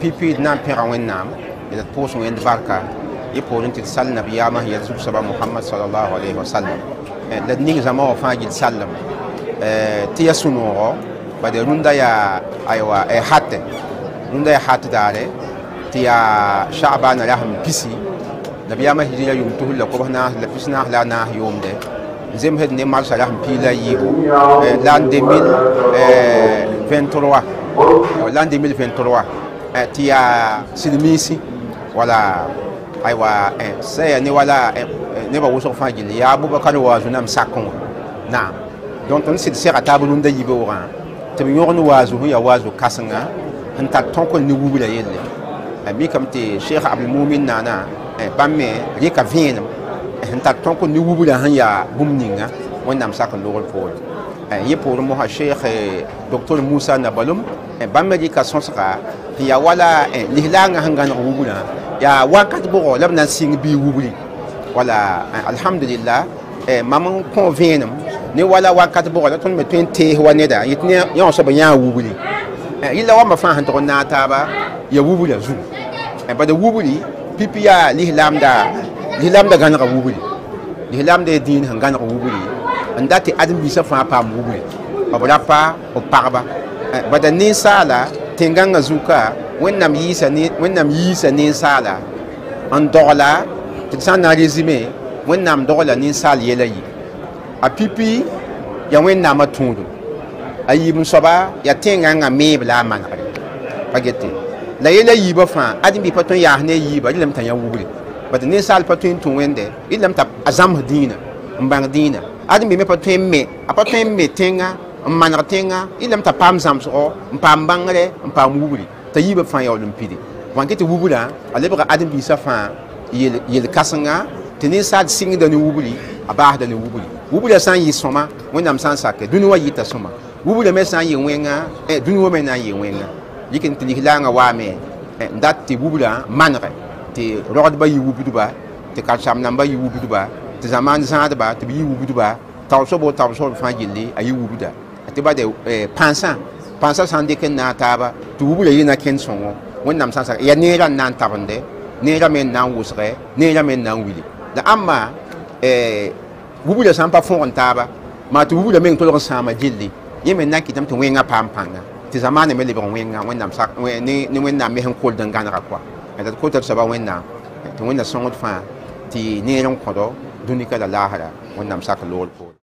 pipi d na n pẽga wẽnnaam d pʋʋs wẽnd barka y pʋʋrẽ tɩ d sal nabiyaamã ya zug-soaba mohamad salallahu alaihi wasallam la d ning zãma wã fãa gill sallem tɩ ya sũ-noogɔ bad rũndã yaa aywa hat rũndã yaa hat daare tɩ yaa sha'bana rasm pisi nabiyaamã hijira yʋʋm tusr la kobs naas la pis naas la a naas yʋʋmde zemsd ne marsa rasm piig la yɩɩbo la n 2023 Lan 2023, ti ya silmisi wala aywa se ne wala, ne wala wosofan jil, ya abou bakal wazou nan msakon. Nan, don ton se di se ratabou nou nda yibe ou ran, te mi yor nou wazou, ya wazou kase nga, hantat ton kon nivou bila yele. Mi kam te shekha abou moumine nan nan, panme, liye ka ven, hantat ton kon nivou bila han ya boumninga, wane nan msakon loril fote. ye pour mo sheikh docteur Musa Nabalum ban médication sera ti ya wala lihlanga hangana wugula ya wakat bo lam nan sing bi wuguli wala alhamdulillah maman convenum ne wala wakat bo la ton me ton te waneda yitne yon so banya wuguli illa wa mafan han to na taba ya wugula zu ba da wuguli pipi ya lihlam da lihlam da ganaka wuguli lihlam da din hangana wuguli n dat tɩ adem-biisã fãa paam wubme b rapa b pagba eh, bada ninsaala tẽngãngã zuka wẽnnaam yiisa wẽnnaam yiisa ninsaala n sala an d sã n na n resime wẽnnaam dogla ninsaal yɛla yi a pipi ya wẽnnaamã tũudum ayi yiib soaba yaa tẽngãngã meeb la a manegre pa gete la yɛla yiibã fãa bi pa tõe n yaas ne a yiiba rɩ lame t'a yã wugre bad ninsaal pa tõe n tũ t'a a zãms dĩinã n ad me pa tõe me a pa tõe n me tẽngã n maneg tẽngã t'a pam zãmsgɔ n paam bãngrɛ n paam t'a yiibã fãa pidi bõn wubula tɩ wugrã a lebga ãdem-biisã yel kasanga tɩ sad singi ne wubuli a baasda ne wubri wubrã sã n yɩ san wẽnnaam sã n sake dũni wã yɩta sõma wubrã me san n yɩ wẽngã dũni wã me na n yɩ wẽngã yik n tɩ lislaangã waame eh, n dat tɩ wubrã manege tɩ rogdbã yɩ wubdba tɩ kartsam nambã yɩ wubdba tɩ zãmaan zãadba tɩ b tawso bo tawso fa gilli ayi wubuda atiba de pansa eh, pansa san ken na taba tu wubula yina ken songo wonnam sansa ya nera nan tabande nera men nan wusre nera men nan wili da amma eh wubula san pa fon taba ma tu wubula men tolon sama ye yemen na kitam to wenga pampanga ti zamane me lebon wenga wonnam sak ni ni wennam me hen kol dan ganra kwa da ko tar saba na to wenna songo fa ti nera kodo దునికల లాహర ఉన్నాం సాక load code